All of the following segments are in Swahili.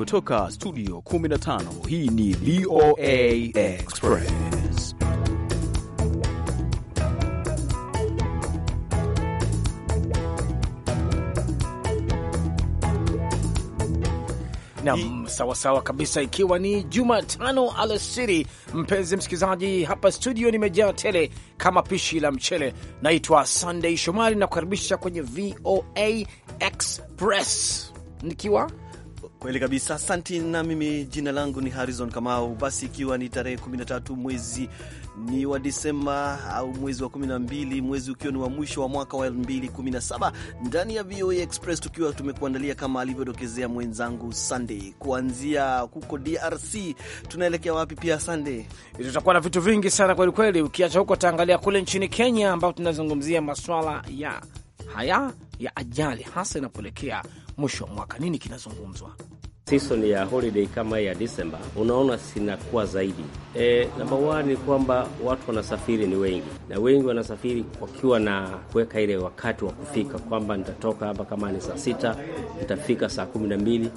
kutoka studio 15 hii ni VOA Express. Nam, sawasawa kabisa, ikiwa ni Jumatano alasiri, mpenzi msikilizaji, hapa studio nimejaa tele kama pishi la mchele. Naitwa sandey Shomari na kukaribisha kwenye VOA Express nikiwa Kweli kabisa, asanti. Na mimi jina langu ni Harrison Kamau. Basi ikiwa ni tarehe 13 mwezi ni wa Disemba au mwezi wa 12, mwezi ukiwa ni wa mwisho wa mwaka wa 2017, ndani ya VOA Express tukiwa tumekuandalia kama alivyodokezea mwenzangu Sunday, kuanzia huko DRC tunaelekea wapi? Pia Sunday, e, tutakuwa na vitu vingi sana kweli kweli. Ukiacha huko, taangalia kule nchini Kenya, ambao tunazungumzia maswala ya haya ya ajali hasa inapoelekea mwisho wa mwaka. Nini kinazungumzwa? Season ya holiday kama ya Disemba unaona sinakuwa zaidi. E, namba one ni kwamba watu wanasafiri ni wengi, na wengi wanasafiri wakiwa na kuweka ile wakati wa kufika kwamba nitatoka hapa kama ni saa sita nitafika saa kumi na mbili.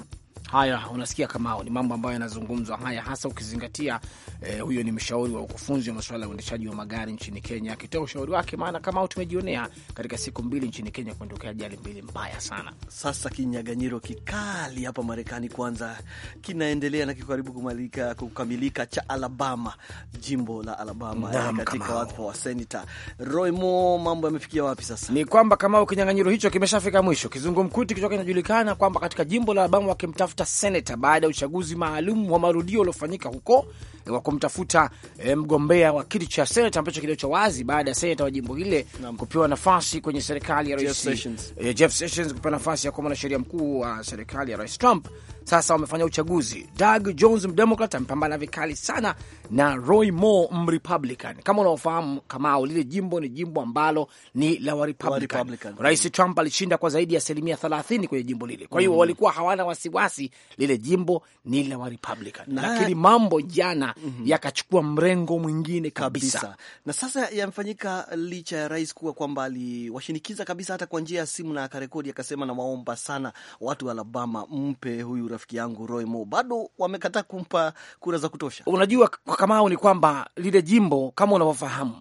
Haya, unasikia Kamao, ni mambo ambayo yanazungumzwa haya, hasa ukizingatia eh, huyo ni mshauri wa ukufunzi wa masuala ya uendeshaji wa magari nchini Kenya, akitoa ushauri wake. Maana Kamao, tumejionea katika siku mbili nchini Kenya kuondokea ajali mbili mbaya sana. Sasa kinyaganyiro kikali hapa Marekani kwanza kinaendelea na kikaribu kumalika, kukamilika cha Alabama, jimbo la Alabama eh, Naam, katika wadhifa wa senata Roy Moore, mambo yamefikia wapi sasa? Ni kwamba Kamao, kinyanganyiro hicho kimeshafika mwisho, kizungumkuti kichoka kinajulikana kwamba katika jimbo la Alabama wakimtafuta kumtafuta seneta baada ya uchaguzi maalum wa marudio uliofanyika huko eh, wa kumtafuta e, mgombea wa kiti cha seneta ambacho kilicho wazi baada ya seneta wa jimbo hile kupewa nafasi kwenye serikali ya rais eh, Jeff Sessions kupewa nafasi ya kuwa mwanasheria mkuu wa serikali ya rais Trump. Sasa wamefanya uchaguzi. Doug Jones mdemokrat amepambana vikali sana na Roy Moore mrepublican. Kama unaofahamu Kamau, lile jimbo ni jimbo ambalo ni la warepublican. Rais Trump alishinda kwa zaidi ya asilimia 30 kwenye jimbo lile, kwa hiyo mm -hmm. walikuwa hawana wasiwasi basi lile jimbo ni la wa Republican, lakini mambo jana mm -hmm. yakachukua mrengo mwingine kabisa. kabisa na sasa yamfanyika licha ya rais kuwa kwamba aliwashinikiza kabisa hata kwa njia ya simu na akarekodi akasema, nawaomba sana watu wa Alabama mpe huyu rafiki yangu Roy Moore, bado wamekataa kumpa kura za kutosha. Unajua Kamau, ni kwamba lile jimbo kama unavyofahamu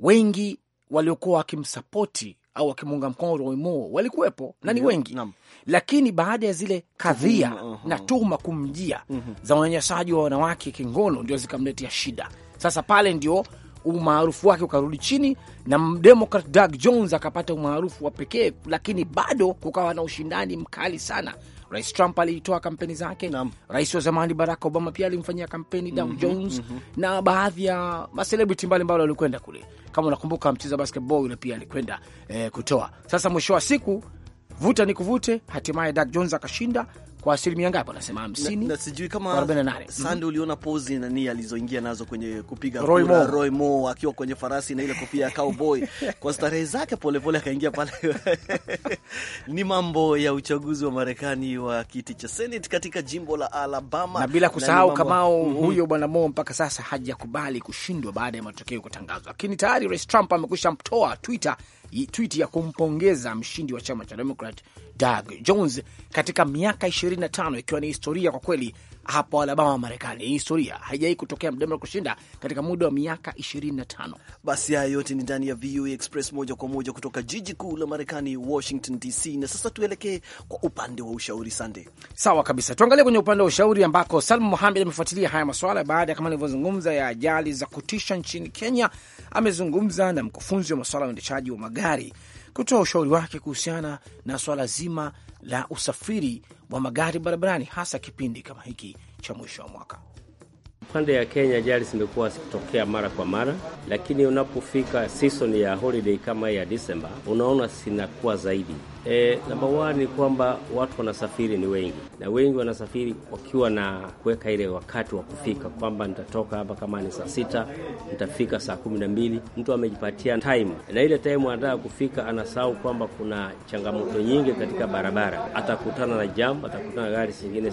wengi waliokuwa wakimsapoti au wakimuunga mkono Roimo walikuwepo na ni wengi Nam. Lakini baada ya zile kadhia mm -hmm. na tuhuma kumjia mm -hmm. za unyanyasaji wa wanawake kingono ndio zikamletea shida. Sasa pale ndio umaarufu wake ukarudi chini, na Democrat Doug Jones akapata umaarufu wa pekee, lakini bado kukawa na ushindani mkali sana. Rais Trump aliitoa kampeni zake na rais wa zamani Barack Obama pia alimfanyia kampeni mm -hmm, Jones mm -hmm. na baadhi ya maselebriti mbalimbali walikwenda kule, kama unakumbuka mcheza basketball yule pia alikwenda eh, kutoa. Sasa mwisho wa siku vuta ni kuvute, hatimaye Doug Jones akashinda kwa asilimia ngapi? Wanasema hamsini na sijui kama arobaini na nane. Mhm. Sande, uliona pozi nani alizoingia nazo kwenye kupiga kura, Roy Moore akiwa kwenye farasi na ile kofia ya cowboy kwa starehe zake, polepole akaingia pale ni mambo ya uchaguzi wa Marekani wa kiti cha Senate katika jimbo la Alabama, na bila kusahau kamao mm -hmm. huyo bwana Moore mpaka sasa hajakubali kushindwa baada ya matokeo kutangazwa, lakini tayari Rais Trump amekwisha mtoa Twitter tweet ya kumpongeza mshindi wa chama cha Democrat Doug Jones katika miaka 25 ikiwa ni historia kwa kweli hapo Alabama wa Marekani. Hii historia haijawai kutokea mdemra kushinda katika muda wa miaka 25. Basi haya yote ni ndani ya VOA Express moja kwa moja kutoka jiji kuu la Marekani, Washington DC. Na sasa tuelekee kwa upande wa ushauri. Sande, sawa kabisa. Tuangalie kwenye upande wa ushauri ambako salmu muhamed amefuatilia haya maswala baada ya kama alivyozungumza ya ajali za kutisha nchini Kenya. Amezungumza na mkufunzi wa maswala ya uendeshaji wa magari kutoa ushauri wake kuhusiana na swala zima la usafiri wa magari barabarani, hasa kipindi kama hiki cha mwisho wa mwaka. Upande ya Kenya ajali zimekuwa zikitokea mara kwa mara, lakini unapofika season ya holiday kama ya Disemba, unaona zinakuwa zaidi E, eh, namba one ni kwamba watu wanasafiri ni wengi, na wengi wanasafiri wakiwa na kuweka ile wakati wa kufika kwamba nitatoka hapa kama ni saa sita nitafika saa kumi na mbili. Mtu amejipatia time na ile time anataka kufika, anasahau kwamba kuna changamoto nyingi katika barabara, atakutana na jam, atakutana na gari zingine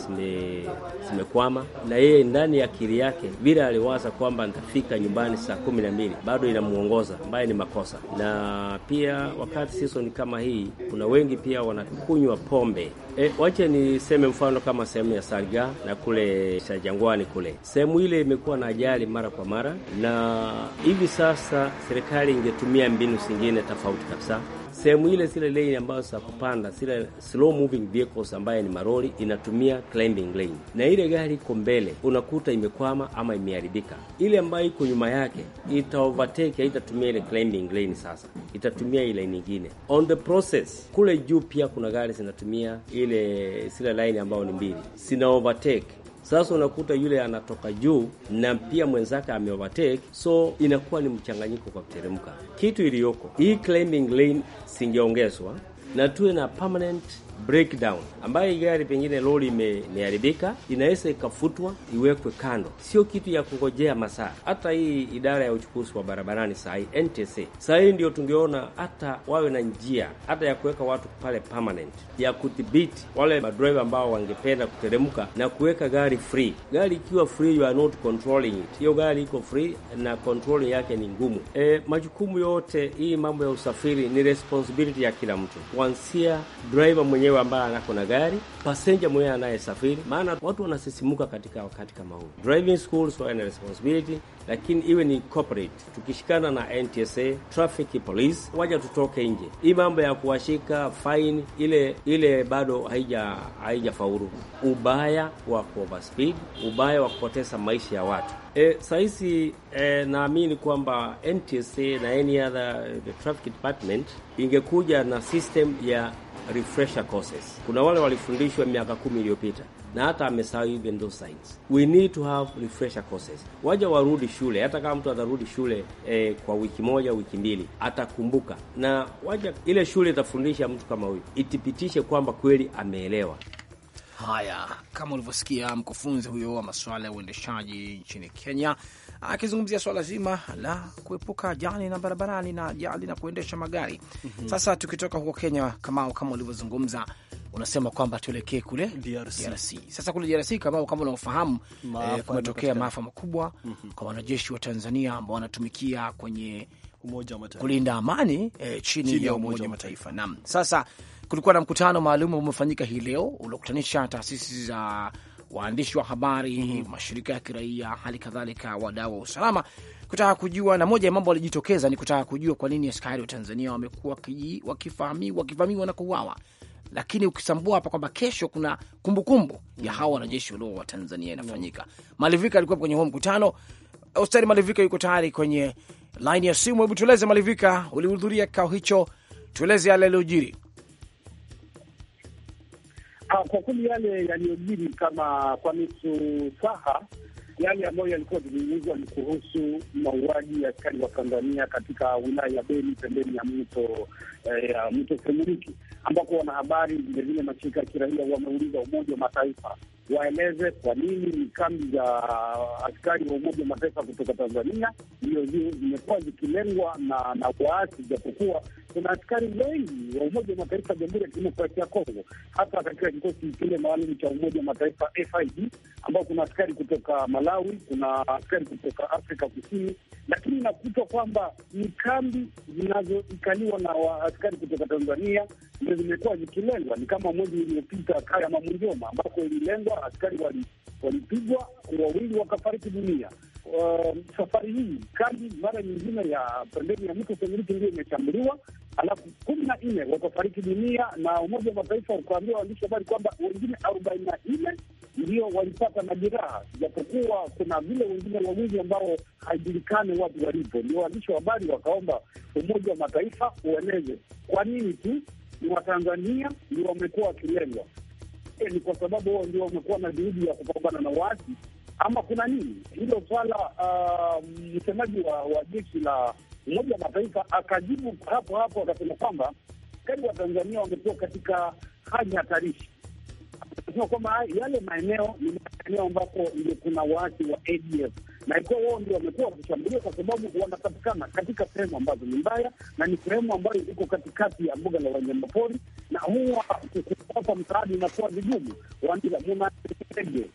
zimekwama, na yeye ndani ya akili yake bila aliwaza kwamba nitafika nyumbani saa kumi na mbili, bado inamuongoza ambaye ni makosa. Na pia wakati season kama hii kuna wengi pia wanakunywa pombe. E, wache niseme mfano kama sehemu ya Salga na kule Shajangwani kule, sehemu ile imekuwa na ajali mara kwa mara, na hivi sasa serikali ingetumia mbinu zingine tofauti kabisa sehemu ile zile lane ambayo za kupanda zile slow moving vehicles ambaye ni maroli inatumia climbing lane, na ile gari iko mbele unakuta imekwama ama imeharibika. Ile ambayo iko nyuma yake ita overtake, haitatumia ile climbing lane, sasa itatumia ile nyingine. On the process kule juu pia kuna gari zinatumia ile zile line ambayo ni mbili, zina overtake sasa unakuta yule anatoka juu na pia mwenzake ameovertake, so inakuwa ni mchanganyiko kwa kuteremka. Kitu iliyoko hii climbing lane singeongezwa na tuwe na permanent breakdown, ambayo gari pengine lori imeharibika, inaweza ikafutwa iwekwe kando, sio kitu ya kungojea masaa. Hata hii idara ya uchukuzi wa barabarani saa NTC NTSA, ndio tungeona hata wawe na njia hata ya kuweka watu pale permanent ya kudhibiti wale madriver ambao wangependa kuteremka na kuweka gari free. Gari ikiwa free, you are not controlling it. Hiyo gari iko free na kontroli yake ni ngumu. E, majukumu yote hii mambo ya usafiri ni responsibility ya kila mtu, kuanzia driver mwenyewe mwenyewe ambaye anako na gari, pasenja mwenyewe anayesafiri, maana watu wanasisimuka katika wakati kama huu. Driving schools wana responsibility, lakini iwe ni corporate, tukishikana na NTSA traffic police, waja tutoke nje. Hii mambo ya kuwashika fine ile ile bado haija haijafaulu. Ubaya wa overspeed, ubaya wa kupoteza maisha ya watu. E, sahizi e, naamini kwamba NTSA na any other the traffic department ingekuja na system ya refresher courses. Kuna wale walifundishwa miaka kumi iliyopita na hata amesahau even those sites. We need to have refresher courses. Waja warudi shule, hata kama mtu atarudi shule eh, kwa wiki moja wiki mbili atakumbuka, na waja ile shule itafundisha mtu kama huyu, itipitishe kwamba kweli ameelewa. Haya, kama ulivyosikia mkufunzi huyo wa masuala ya uendeshaji nchini Kenya akizungumzia swala zima la kuepuka ajali na barabarani na ajali na kuendesha magari. mm -hmm. Sasa tukitoka huko Kenya, Kamau, kama ulivyozungumza unasema kwamba tuelekee kule DRC. DRC. Sasa kule DRC kama kama unaofahamu eh, kumetokea maafa makubwa mm -hmm. kwa wanajeshi wa Tanzania ambao wanatumikia kwenye Umoja wa Mataifa kulinda amani eh, chini, chini ya Umoja wa Mataifa. Naam, sasa kulikuwa na mkutano maalum umefanyika hii leo uliokutanisha taasisi za uh, waandishi wa habari, mhm. mashirika ya kiraia, hali kadhalika wadau wa usalama, kutaka kujua. Na moja ya mambo alijitokeza ni kutaka kujua kwa nini askari wa Tanzania wamekuwa wakivamiwa na kuuawa lakini ukisambua hapa kwamba kesho kuna kumbukumbu -kumbu ya hawa wanajeshi walio wa Tanzania inafanyika. Malivika alikuwa kwenye huo mkutano. Ustari Malivika yuko tayari kwenye laini ya simu. Hebu tueleze Malivika, ulihudhuria kikao hicho, tueleze yale yaliyojiri. Ah, kwa kweli yale yaliyojiri kama kwa nusu saha, yale ambayo yalikuwa yakizungumzwa ni kuhusu mauaji ya askari wa Tanzania katika wilaya ya Beni pembeni ya mto eh, ya eh, mto Semuliki, ambako wanahabari vilevile mashirika ya kiraia wameuliza Umoja wa Mataifa waeleze kwa nini ni kambi za askari wa Umoja wa Mataifa kutoka Tanzania ndio zimekuwa zikilengwa na na waasi, japokuwa kuna askari wengi wa Umoja wa Mataifa Jamhuri ya Kidemokrasia ya Kongo, hasa katika kikosi kile maalum cha Umoja wa Mataifa FID, ambao kuna askari kutoka Malawi, kuna askari kutoka Afrika Kusini, lakini inakuta kwamba ni kambi zinazoikaliwa na askari kutoka Tanzania ndio zimekuwa zikilengwa. Ni kama mwezi uliopita kaya Mamunjoma, ambako ililengwa askari walipigwa, wawili wakafariki dunia uh, safari hii karni mara nyingine ya pembeni ya mto Senyuti ndio imeshambuliwa alafu kumi na nne wakafariki dunia, na Umoja wa Mataifa ukaambia waandishi habari kwamba wengine arobaini na nne ndio walipata majeraha, japokuwa kuna vile wengine wawili ambao haijulikane watu walipo. Ndio waandishi wa habari wakaomba Umoja wa Mataifa ueleze kwa nini tu ni Watanzania ndio wamekuwa wakilengwa. Ni kwa sababu wao ndio wamekuwa na juhudi ya kupambana na waasi ama kuna nini? Hilo swala uh, msemaji wa, wa jeshi la Umoja wa Mataifa akajibu hapo hapo akasema kwamba askari wa Tanzania wamekuwa katika hali hatarishi. Akasema kwamba yale maeneo ni maeneo ambapo ndio kuna waasi wa ADF na ikiwa wao ndio wamekuwa wakishambulia kwa sababu wanapatikana katika sehemu ambazo ni mbaya, na ni sehemu ambayo iko katikati ya mbuga la wanyamapori, na huwa kupata msaada inakuwa vigumu. munaege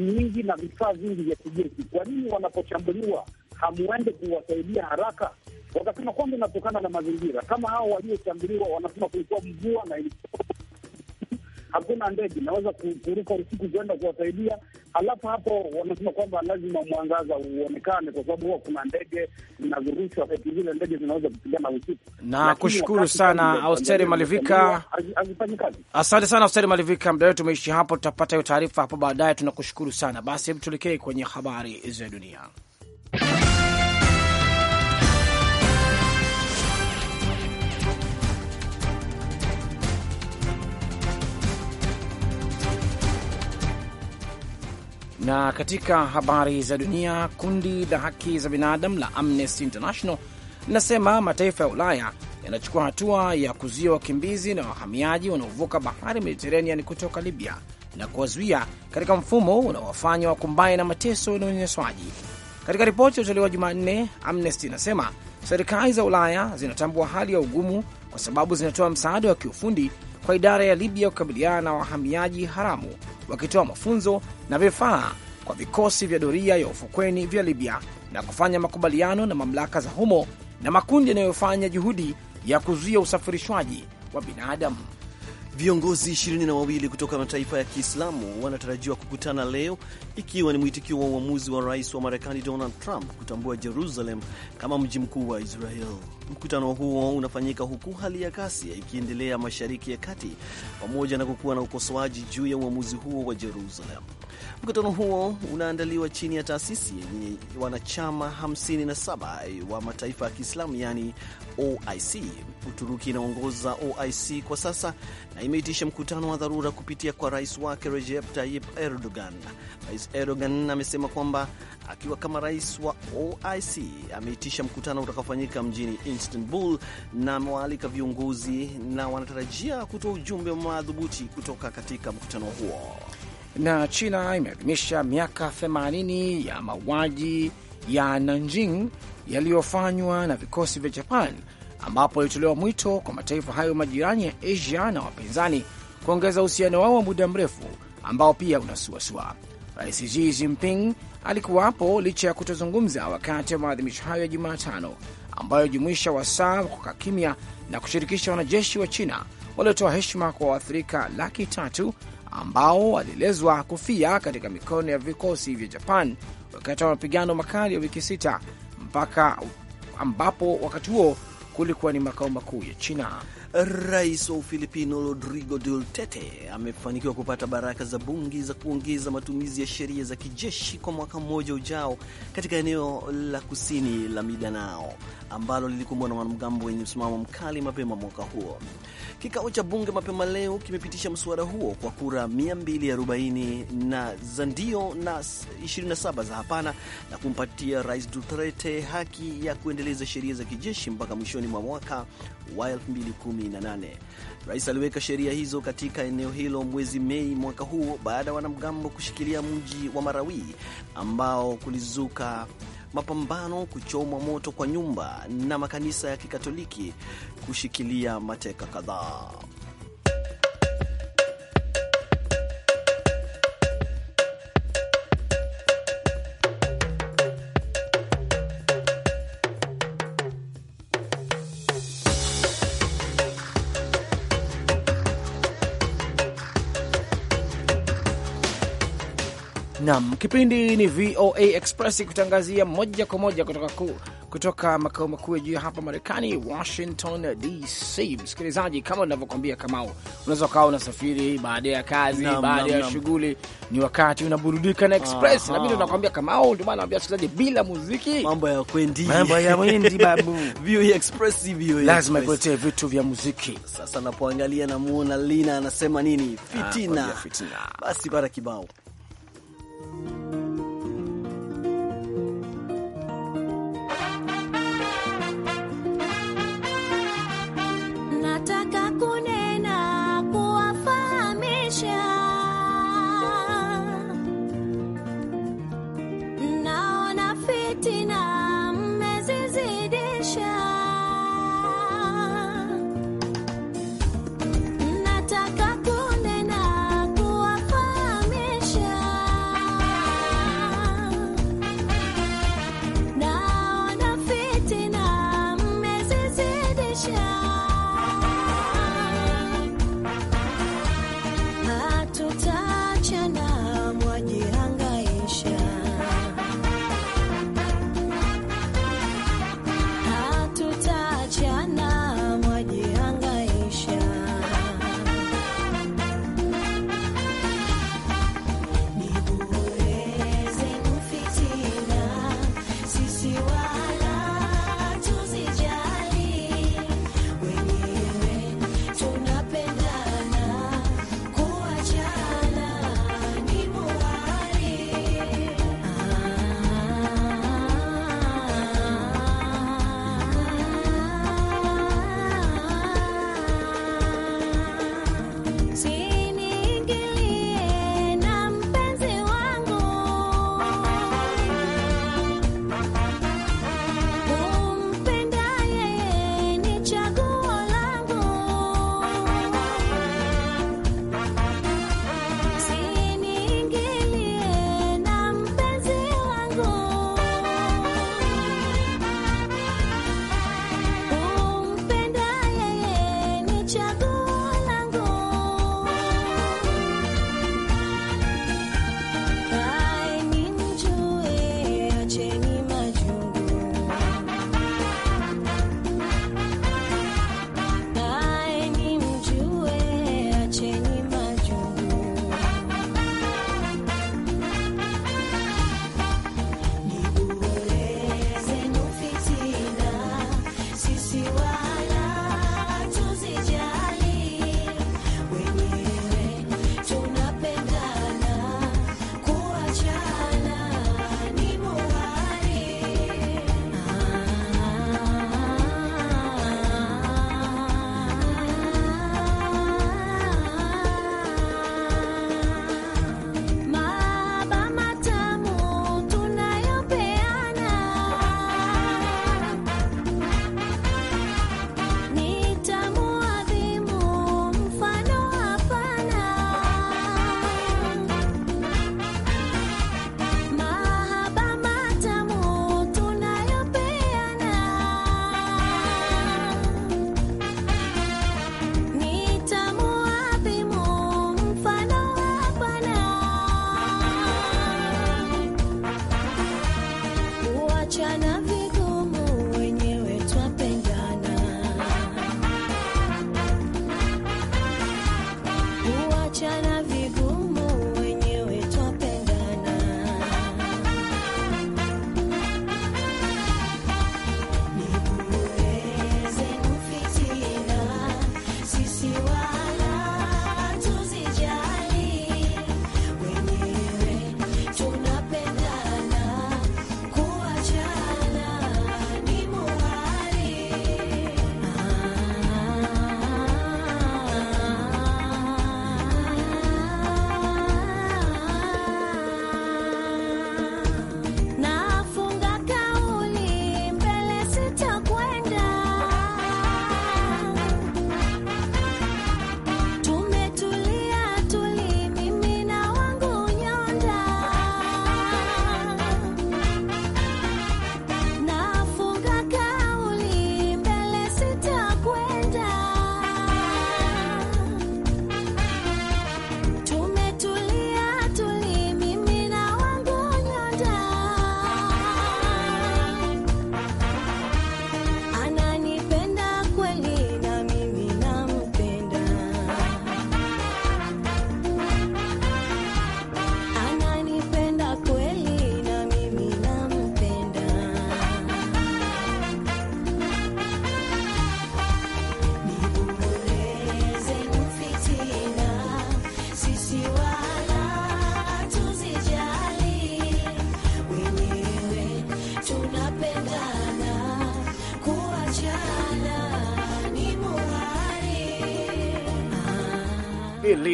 nyingi na vifaa vingi vya kijeshi. Kwa nini wanapochambuliwa hamwende kuwasaidia haraka? Wakasema kwamba inatokana na mazingira. Kama hao waliochambuliwa wanasema kulikuwa mvua na ilikuwa hakuna ndege naweza kuruka usiku kuenda kuwasaidia. Alafu hapo wanasema kwamba lazima mwangaza uonekane, kwa sababu huwa kuna ndege zinazorushwa, wakati zile ndege zinaweza kupigana usiku. Na kushukuru sana Austeri Malivika, hazifanyi kazi. Asante sana Austeri Malivika, mda wetu umeishi hapo, tutapata hiyo taarifa hapo baadaye. Tunakushukuru sana. Basi hebu tuelekee kwenye habari za dunia. Na katika habari za dunia, kundi la haki za binadamu la Amnesty International linasema mataifa ya Ulaya yanachukua hatua ya kuzuia wakimbizi na wahamiaji wanaovuka bahari Mediterranean kutoka Libya na kuwazuia katika mfumo unaowafanya wakumbane na mateso na unyanyaswaji. Katika ripoti iliyotolewa Jumanne, Amnesty inasema serikali za Ulaya zinatambua hali ya ugumu kwa sababu zinatoa msaada wa kiufundi kwa idara ya Libya kukabiliana na wahamiaji haramu, wakitoa mafunzo na vifaa kwa vikosi vya doria ya ufukweni vya Libya na kufanya makubaliano na mamlaka za humo na makundi yanayofanya juhudi ya kuzuia usafirishwaji wa binadamu. Viongozi ishirini na wawili kutoka mataifa ya Kiislamu wanatarajiwa kukutana leo ikiwa ni mwitikio wa uamuzi wa rais wa Marekani Donald Trump kutambua Jerusalem kama mji mkuu wa Israel. Mkutano huo unafanyika huku hali ya ghasia ikiendelea Mashariki ya Kati pamoja na kukuwa na ukosoaji juu ya uamuzi huo wa Jerusalem. Mkutano huo unaandaliwa chini ya taasisi yenye wanachama 57 wa mataifa ya Kiislamu, yaani OIC. Uturuki inaongoza OIC kwa sasa na imeitisha mkutano wa dharura kupitia kwa rais wake Recep Tayyip Erdogan. Rais Erdogan amesema kwamba akiwa kama rais wa OIC ameitisha mkutano utakaofanyika mjini Istanbul na amewaalika viongozi na wanatarajia kutoa ujumbe madhubuti kutoka katika mkutano huo. Na China imeadhimisha miaka 80 ya mauaji ya Nanjing yaliyofanywa na vikosi vya Japan, ambapo alitolewa mwito kwa mataifa hayo majirani ya Asia na wapinzani kuongeza uhusiano wao wa muda mrefu ambao pia unasuasua. Rais Xi Jinping alikuwapo licha ya kutozungumza wakati wa maadhimisho hayo ya Jumatano ambayo jumuisha wasaa wa kukaa kimya na kushirikisha wanajeshi wa China waliotoa heshima kwa waathirika laki tatu ambao walielezwa kufia katika mikono ya vikosi vya Japan wakati wa mapigano makali ya wiki sita mpaka ambapo wakati huo kulikuwa ni makao makuu ya China. Rais wa Ufilipino Rodrigo Duterte amefanikiwa kupata baraka za bunge za kuongeza matumizi ya sheria za kijeshi kwa mwaka mmoja ujao katika eneo la kusini la Mindanao ambalo lilikumbwa na wanamgambo wenye msimamo mkali mapema mwaka huo. Kikao cha bunge mapema leo kimepitisha mswada huo kwa kura 240 na za ndio na 27 za hapana, na kumpatia Rais Duterte haki ya kuendeleza sheria za kijeshi mpaka mwishoni mwa mwaka wa 2018. Rais aliweka sheria hizo katika eneo hilo mwezi Mei mwaka huo baada ya wanamgambo kushikilia mji wa Marawi ambao kulizuka mapambano, kuchomwa moto kwa nyumba na makanisa ya Kikatoliki kushikilia mateka kadhaa. Nam, kipindi ni VOA Express kutangazia moja kwa moja kutoka, ku, kutoka makao makuu ya juu hapa Marekani, Washington DC. Msikilizaji, kama unavyokwambia Kamau, unaweza ukawa unasafiri baada ya kazi, baada ya shughuli, ni wakati unaburudika na Express Aha. na mimi nakwambia Kamau, ndio maana naambia wasikilizaji, bila muziki mambo ya kwendi, mambo ya kwendi babu. VOA Express, VOA lazima ikuletee vitu vya muziki. Sasa napoangalia namuona Lina anasema nini, ah, fitina, ah, fitina. Basi bara kibao Thank you.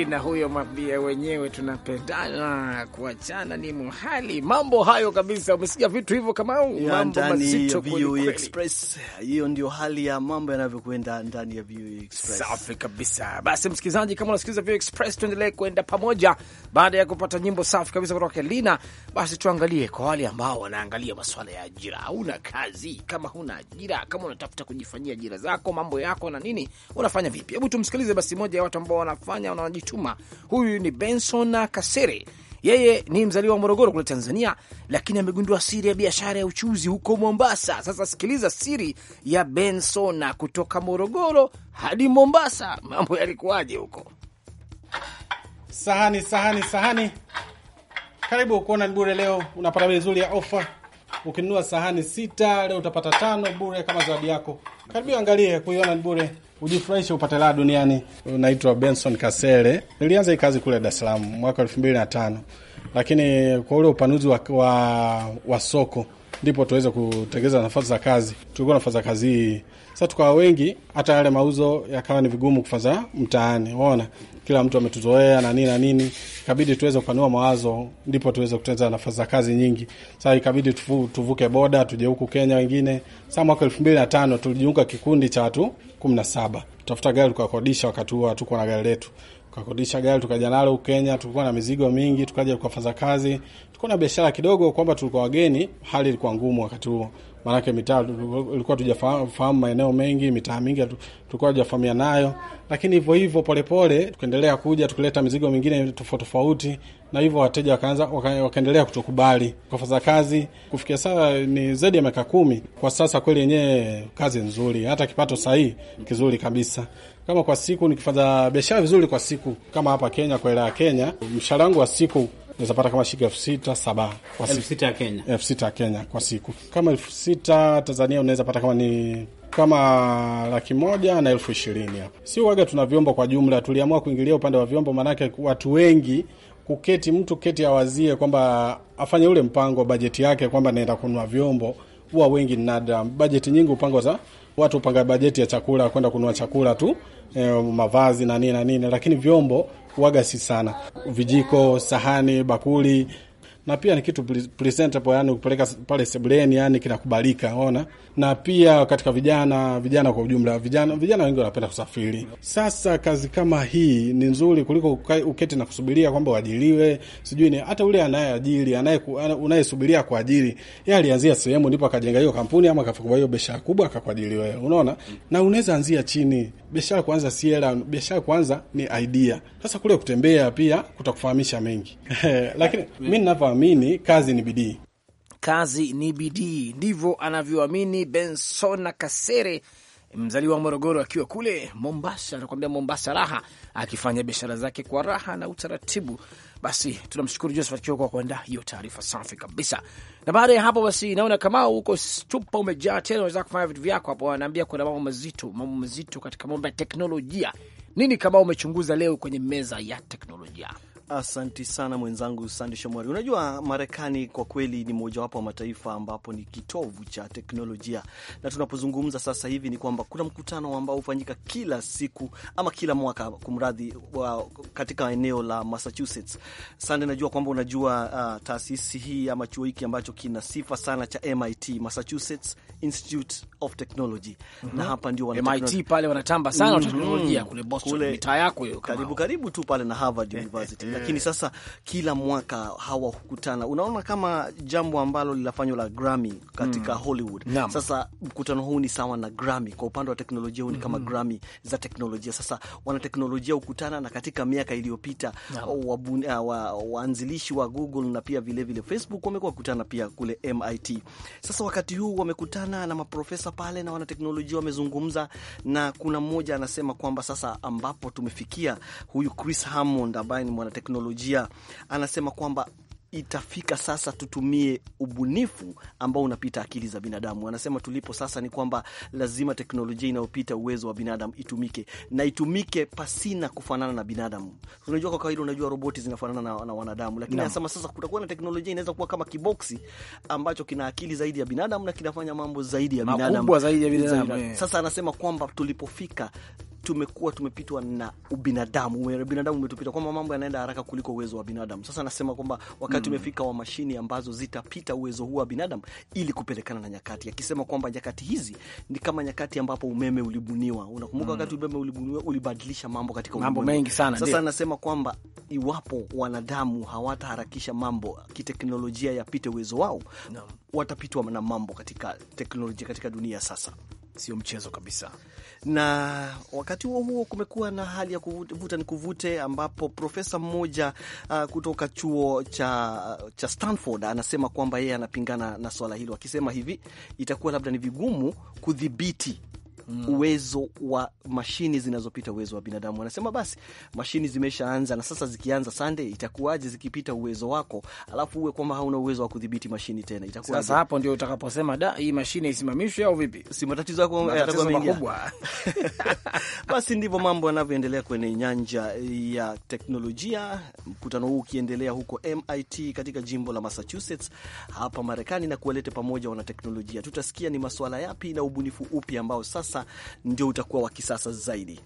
na huyo mabia wenyewe tunapendana, kuachana ni muhali. Mambo hayo kabisa, umesikia vitu hivyo kama mambo mazito. E hiyo ndio hali ya mambo yanavyokwenda ndani ya Express. Safi kabisa. Basi msikilizaji, kama unasikiliza Vio Express, tuendelee kuenda pamoja. Baada ya kupata nyimbo safi kabisa kutoka Lina, basi tuangalie kwa wale ambao wanaangalia masuala ya ajira. Hauna kazi, kama huna ajira, kama unatafuta kujifanyia ajira zako, mambo yako na nini, unafanya vipi? Hebu tumsikilize basi moja ya watu ambao wanafanya, wanajituma. Huyu ni Benson Kasere. Yeye ni mzaliwa wa Morogoro kule Tanzania, lakini amegundua siri ya biashara ya uchuzi huko Mombasa. Sasa sikiliza siri ya Bensona kutoka Morogoro hadi Mombasa. Mambo yalikuwaje huko? Sahani, sahani, sahani, karibu kuona bure. Leo unapata bei nzuri ya ofa. Ukinunua sahani sita leo utapata tano bure kama zawadi yako. Karibu angalie kuiona bure Ujifurahishe upate raha duniani. Naitwa Benson Kasele, nilianza hii kazi kule Dar es Salaam mwaka elfu mbili na tano, lakini kwa ule upanuzi wa, wa, wa soko ndipo tuweze kutengeneza nafasi za kazi. Tulikuwa nafasi za kazi hii, sasa tukawa wengi, hata yale mauzo yakawa ni vigumu kufanya mtaani. Waona kila mtu ametuzoea na nini na nini, ikabidi tuweze kupanua mawazo, ndipo tuweze kutengeza nafasi za kazi nyingi. Sasa ikabidi tufu, tuvuke boda tuje huku Kenya wengine. Sasa mwaka elfu mbili na tano tulijiunga kikundi cha watu kumi na saba tafuta gari tukakodisha, wakati huo hatukuwa na gari letu tukakodisha gari tukaja nalo Kenya, tulikuwa na mizigo mingi, tukaja kufanya kazi, tulikuwa na biashara kidogo, kwamba tulikuwa wageni, hali ilikuwa ngumu wakati huo, maanake mitaa ilikuwa tujafahamu maeneo mengi, mitaa mingi tulikuwa tujafamia nayo, lakini hivyo hivyo polepole tukaendelea kuja tukileta mizigo mingine tofauti tofauti, na hivyo wateja wakaanza wakaendelea kutokubali, kufanya kazi kufikia sasa ni zaidi ya miaka kumi kwa sasa. Kweli yenyewe kazi nzuri, hata kipato sahihi kizuri kabisa kama kwa siku nikifanya biashara vizuri, kwa siku kama hapa Kenya, kwa hela ya Kenya, mshahara wangu wa siku naweza pata kama shilingi elfu sita saba kwa siku, elfu sita ya Kenya, elfu sita ya Kenya kwa siku. Kama elfu sita Tanzania unaweza pata kama ni kama laki moja na elfu ishirini hapa. Si waga tuna vyombo kwa jumla, tuliamua kuingilia upande wa vyombo, maanake watu wengi kuketi, mtu keti awazie kwamba afanye ule mpango bajeti yake kwamba naenda kununua vyombo, huwa wengi ni nadra. Bajeti nyingi upango za watu upanga bajeti ya chakula kwenda kununua chakula tu e, mavazi na nini na nini, lakini vyombo waga si sana, vijiko, sahani, bakuli na pia ni kitu presentable, yani ukipeleka pale sebuleni, yani kinakubalika, unaona. Na pia katika vijana vijana kwa ujumla, vijana vijana wengi wanapenda kusafiri. Sasa kazi kama hii ni nzuri kuliko uketi na kusubiria kwamba uajiliwe, sijui ni hata ule anayeajiri anaye unayesubiria kwa ajili yeye alianzia sehemu ndipo akajenga hiyo kampuni ama akafungua hiyo biashara kubwa akakuajiri wewe, unaona, na unaweza anzia chini biashara kwanza si hela, biashara kwanza ni idea. Sasa kule kutembea pia kutakufahamisha mengi lakini mi ninavyoamini kazi ni bidii, kazi ni bidii, ndivyo anavyoamini bensona Kasere, mzaliwa wa Morogoro, akiwa kule Mombasa. Anakuambia Mombasa raha, akifanya biashara zake kwa raha na utaratibu basi tunamshukuru Josephat Kioko kwa kuandaa hiyo taarifa safi kabisa. Na baada ya hapo basi, naona kama huko chupa umejaa tena, unaweza kufanya vitu vyako hapo. Wanaambia kuna mambo mazito, mambo mazito katika mambo ya teknolojia. Nini kama umechunguza leo kwenye meza ya teknolojia? Asanti sana mwenzangu Sande Shomari. Unajua, Marekani kwa kweli ni mojawapo wa mataifa ambapo ni kitovu cha teknolojia, na tunapozungumza sasa hivi ni kwamba kuna mkutano ambao hufanyika kila siku ama kila mwaka, kumradhi, katika eneo la Massachusetts. Sande, najua kwamba unajua uh, taasisi hii ama chuo hiki ambacho kina sifa sana cha MIT, Massachusetts Institute of Technology mm -hmm. na hapa ndio wanatamba sana mm -hmm. teknolojia kule Boston, mitaa yako hiyo karibu karibu tu pale na Harvard eh, University eh, lakini sasa kila mwaka hawa hukutana, Unaona kama jambo ambalo linafanywa la Grammy katika mm. Hollywood Nam. Sasa mkutano huu ni sawa na Grammy kwa upande wa teknolojia, huu ni kama mm -hmm. Grammy za teknolojia. Sasa wanateknolojia hukutana, na katika miaka iliyopita ah, waanzilishi wa, wa Google na pia vilevile vile Facebook wamekuwa kukutana pia kule MIT. Sasa wakati huu wamekutana na maprofesa pale na wanateknolojia wamezungumza, na kuna mmoja anasema kwamba sasa ambapo tumefikia, huyu Chris Hammond ambaye ni mwanateknolojia teknolojia. Anasema kwamba itafika sasa tutumie ubunifu ambao unapita akili za binadamu. Anasema tulipo sasa ni kwamba lazima teknolojia inayopita uwezo wa binadamu itumike na itumike pasina kufanana na binadamu. Unajua, kwa kawaida, unajua roboti zinafanana na, na wanadamu, lakini anasema sasa kutakuwa na teknolojia inaweza kuwa kama kiboksi ambacho kina akili zaidi ya binadamu na kinafanya mambo zaidi ya binadamu, zaidi ya binadamu. Eh. Sasa anasema kwamba tulipofika tumekuwa tumepitwa na ubinadamu, binadamu umetupita, kwamba mambo yanaenda haraka kuliko uwezo wa binadamu. Sasa nasema kwamba wakati mm. umefika mm, wa mashini ambazo zitapita uwezo huu wa binadamu ili kupelekana na nyakati, akisema kwamba nyakati hizi ni kama nyakati ambapo umeme ulibuniwa. Unakumbuka mm, wakati umeme ulibuniwa ulibadilisha mambo katika mambo mengi sana. Sasa nasema kwamba iwapo wanadamu hawataharakisha mambo kiteknolojia yapite uwezo wao no, watapitwa na mambo katika teknolojia katika dunia sasa sio mchezo kabisa. Na wakati huo huo kumekuwa na hali ya kuvuta ni kuvute, ambapo profesa mmoja uh, kutoka chuo cha, uh, cha Stanford anasema kwamba yeye anapingana na swala hilo, akisema hivi, itakuwa labda ni vigumu kudhibiti mm. uwezo wa mashini zinazopita uwezo wa binadamu. Wanasema basi mashini zimeshaanza na sasa zikianza sande, itakuwaje zikipita uwezo wako alafu uwe kwamba hauna uwezo wa kudhibiti mashini tena, itakuwa sasa hapo ndio utakaposema da, hii mashini isimamishwe au vipi? Si matatizo yako yatakuwa makubwa. Basi ndivyo mambo yanavyoendelea kwenye nyanja ya teknolojia, mkutano huu ukiendelea huko MIT katika jimbo la Massachusetts hapa Marekani, na kuwalete pamoja wanateknolojia. Tutasikia ni masuala yapi na ubunifu upi ambao sasa kisasa ndio utakuwa wa kisasa zaidi.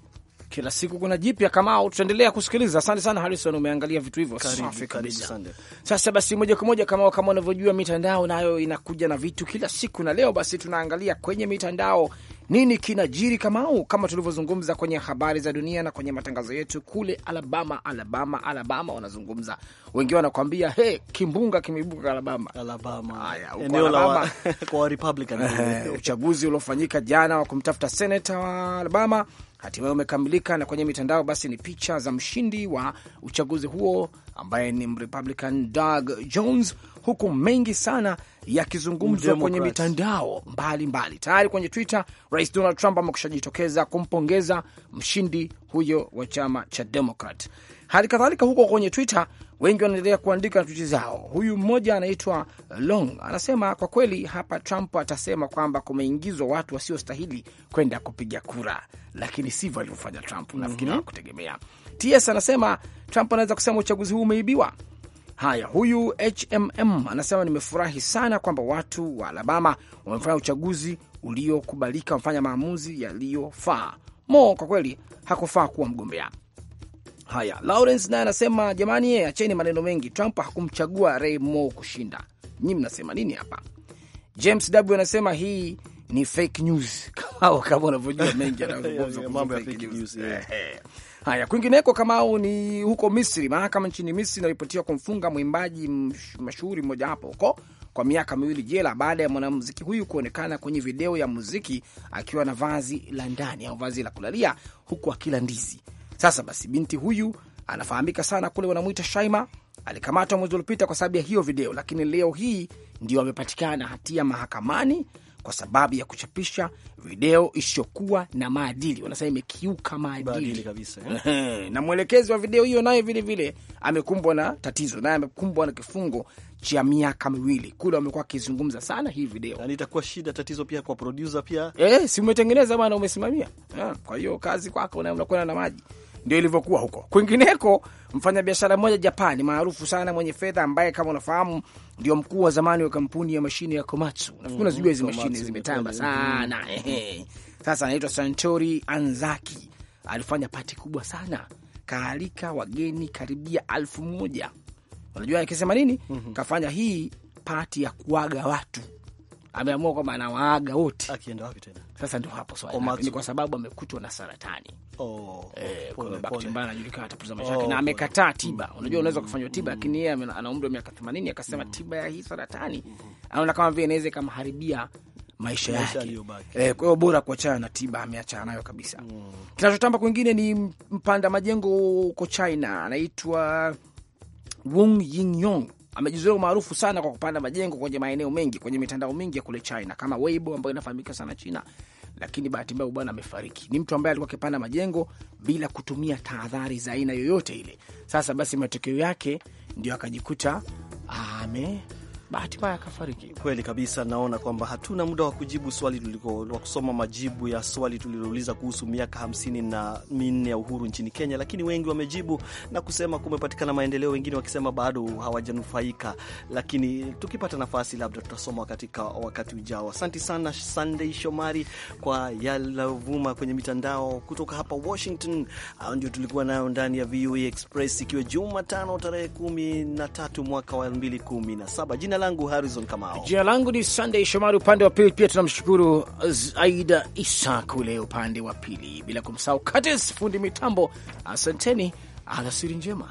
Kila siku kuna jipya kama au tutaendelea kusikiliza. Asante sana Harrison, umeangalia vitu hivyo safi kabisa. Sasa basi, moja kwa moja kama kama unavyojua, mitandao nayo inakuja na vitu kila siku, na leo basi tunaangalia kwenye mitandao nini kinajiri kama au kama tulivyozungumza kwenye habari za dunia na kwenye matangazo yetu kule Alabama. Alabama, Alabama wanazungumza wengi, wanakwambia he, kimbunga kimeibuka Alabama, Alabama. Haya, eneo la Alabama. kwa Republican eh, uchaguzi uliofanyika jana wa kumtafuta senata wa Alabama hatimaye umekamilika, na kwenye mitandao basi ni picha za mshindi wa uchaguzi huo ambaye ni Republican Doug Jones, huku mengi sana yakizungumzwa kwenye mitandao mbalimbali. Tayari kwenye Twitter Rais Donald Trump amekushajitokeza kumpongeza mshindi huyo wa chama cha Democrat. Hali kadhalika huko kwenye Twitter Wengi wanaendelea kuandika na twiti zao. Huyu mmoja anaitwa Long anasema kwa kweli hapa Trump atasema kwamba kumeingizwa watu wasiostahili kwenda kupiga kura, lakini sivyo alivyofanya Trump. mm -hmm. Nafikiri mhm. TS anasema Trump anaweza kusema uchaguzi huu umeibiwa. Haya, huyu HMM anasema nimefurahi sana kwamba watu wa Alabama wamefanya uchaguzi uliokubalika, wamefanya maamuzi yaliyofaa. Mo kwa kweli hakufaa kuwa mgombea. Haya, Lawrence naye anasema jamani, yeye acheni maneno mengi, Trump hakumchagua Ray Moore kushinda. Nyi mnasema nini hapa? James W anasema hii ni fake news kama unavyojua mengi fake news. Haya, kwingineko kama au ni huko Misri. Mahakama nchini Misri inaripotiwa kumfunga mwimbaji mashuhuri mmoja hapo huko kwa miaka miwili jela baada ya mwanamuziki huyu kuonekana kwenye video ya muziki akiwa na vazi la ndani au vazi la kulalia huku akila ndizi. Sasa basi, binti huyu anafahamika sana kule, wanamwita Shaima. Alikamatwa mwezi uliopita kwa sababu ya hiyo video, lakini leo hii ndio amepatikana hatia mahakamani kwa sababu ya kuchapisha video isiyokuwa na maadili, wanasema imekiuka maadili kabisa. Eh? na mwelekezi wa video hiyo naye vilevile amekumbwa na tatizo, naye amekumbwa na kifungo cha miaka miwili. Kule wamekuwa akizungumza sana hii video, na itakuwa shida tatizo pia kwa producer pia. Eh, si umetengeneza bwana, umesimamia. Ah, kwa hiyo kazi kwako, unakwenda na maji ndio ilivyokuwa huko. Kwingineko, mfanyabiashara mmoja Japani maarufu sana mwenye fedha, ambaye kama unafahamu ndio mkuu wa zamani wa kampuni ya mashine ya Komatsu, nafikiri mm, unazijua hizi mashine zimetamba mm-hmm. sana. Sasa anaitwa Santori Anzaki, alifanya pati kubwa sana, kaalika wageni karibia alfu moja. Unajua akisema nini? Mm-hmm. Kafanya hii pati ya kuaga watu ameamua kwamba anawaaga wote. Akienda wapi tena? Sasa ndio hapo swali ni kwa sababu amekutwa na saratani oh, eh, bahati mbaya anajulikana atapoteza maisha oh, yake, na amekataa mm, tiba. Mm, Unajua, unaweza mm, kufanywa tiba, lakini yeye ana umri wa miaka 80 akasema tiba ya hii saratani anaona kama vile inaweza ikamharibia maisha yake. Eh, kwa hiyo bora kuachana na tiba, ameachana nayo kabisa. Mm. Kinachotamba kwingine ni mpanda majengo huko China anaitwa Wong Yingyong amejizoea umaarufu sana kwa kupanda majengo kwenye maeneo mengi kwenye mitandao mingi ya kule China kama Weibo ambayo inafahamika sana China, lakini bahati mbaya bwana amefariki. Ni mtu ambaye alikuwa akipanda majengo bila kutumia tahadhari za aina yoyote ile. Sasa basi matokeo yake ndio akajikuta ame ah, bahati mbaya akafariki. Kweli kabisa, naona kwamba hatuna muda wa kujibu swali tuliko, wa kusoma majibu ya swali tulilouliza kuhusu miaka hamsini na minne ya uhuru nchini Kenya, lakini wengi wamejibu na kusema kumepatikana maendeleo, wengine wakisema bado hawajanufaika, lakini tukipata nafasi labda tutasoma katika wakati ujao. asanti sana Sunday Shomari kwa yalavuma kwenye mitandao kutoka hapa Washington. ndio tulikuwa nayo ndani ya VOA e Express ikiwa Jumatano tarehe kumi na tatu mwaka wa elfu mbili kumi na saba. Jina langu Harrison Kamau. Jina langu ni Sunday Shomari upande wa pili. Pia tunamshukuru Aida Isa kule upande wa pili, bila kumsahau Curtis fundi mitambo. Asanteni, alasiri njema.